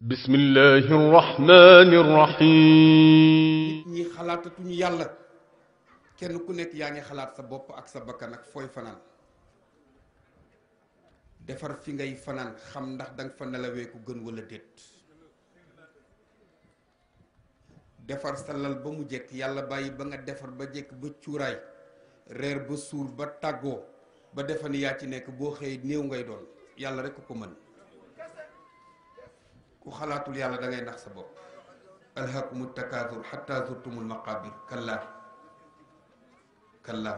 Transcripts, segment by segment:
bismillahi rahmani rahim nit ñi xalaatatuñu yàlla kenn ku nekk yaa ngi xalaat sa bopp ak sa bakkan ak fooy fanaan defar fi ngay fanaan xam ndax danga fa nelawee ku gën wala déet defar sa lal ba mu jekk yàlla bàyyi ba nga defar ba jekk ba cuuraay reer ba suur ba tàggoo ba defa ni yaa ci nekk boo xëyee néew ngay doon yàlla rekk ko mën خلاطو ليالا دا غاي نخسا بوب الهاكم التكاثر حتى زرتم المقابر كلا كلا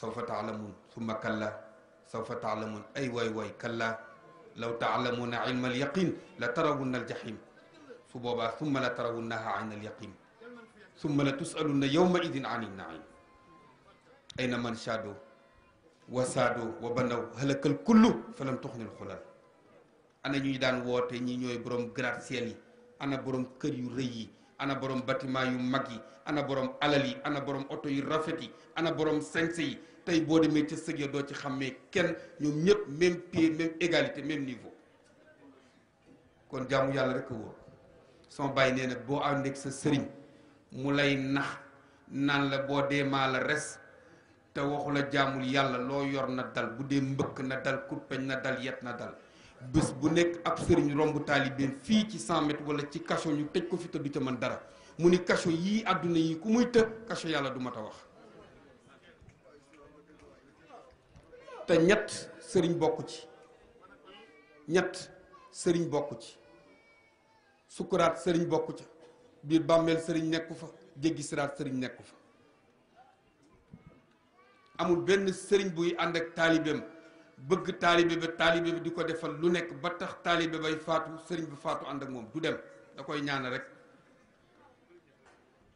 سوف تعلمون ثم كلا سوف تعلمون اي واي واي كلا لو تعلمون علم اليقين لترون الجحيم فبابا ثم لترونها عن اليقين ثم لتسالن يومئذ عن النعيم اين من شادوا وسادوا وبنوا هلك الكل فلم تخن الخلل ana ñuy daan woote ñi ñooy boroom gratte-ciel yi ana boroom kër yu rëy yi ana borom bâtiment yu mag yi ana boroom alal yi ana borom oto yu rafet yi ana boroom sañse yi tey boo demee ca sëg ya doo ci xamee kenn ñoom ñëpp même pied même égalité même niveau kon jaamu yàlla rek a wóor son bàyyi nee na boo ànd ak sa sëriñ mu lay nax naan la boo dee maa la res te waxu la jaamul yàlla loo yor na dal bu dee mbëkk na dal kurpeñ na dal yet na dal bés bu nekk ab sëriñ romb taalibeem fii ci 100 mètres wala ci kaso ñu tëj ko fi te du ca man dara mu ni kaso yii àdduna yi ku muy tëj kaso yàlla du mat a wax te ñett sëriñ bokk ci ñett sëriñ bokku ci sukuraat sëriñ bokk ca biir bàmmeel sëriñ nekku fa jéggi sëriñ nekku fa amul benn sëriñ buy ànd ak taalibeem bëgg taalibe ba taalibe bi di ko defal lu nekk ba tax taalibe bay faatu sëriñ bi faatu ànd ak moom du dem da koy ñaan rek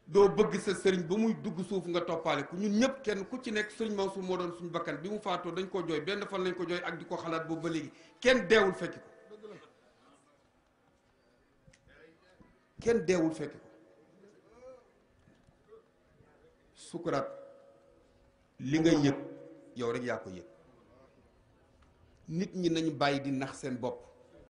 doo bëgg sa sëriñ ba muy dugg suuf nga toppaale ku ñun ñëpp kenn ku ci nekk sëriñ Mansour moo doon suñu bakkan bi mu faatoo dañ ko jooy benn fan lañ ko jooy ak di ko xalaat boobu ba léegi kenn deewul fekki ko kenn deewul fekki ko li nga yëg yow rek yaa ko yëg nit ñi nañu bàyyi di nax seen bopp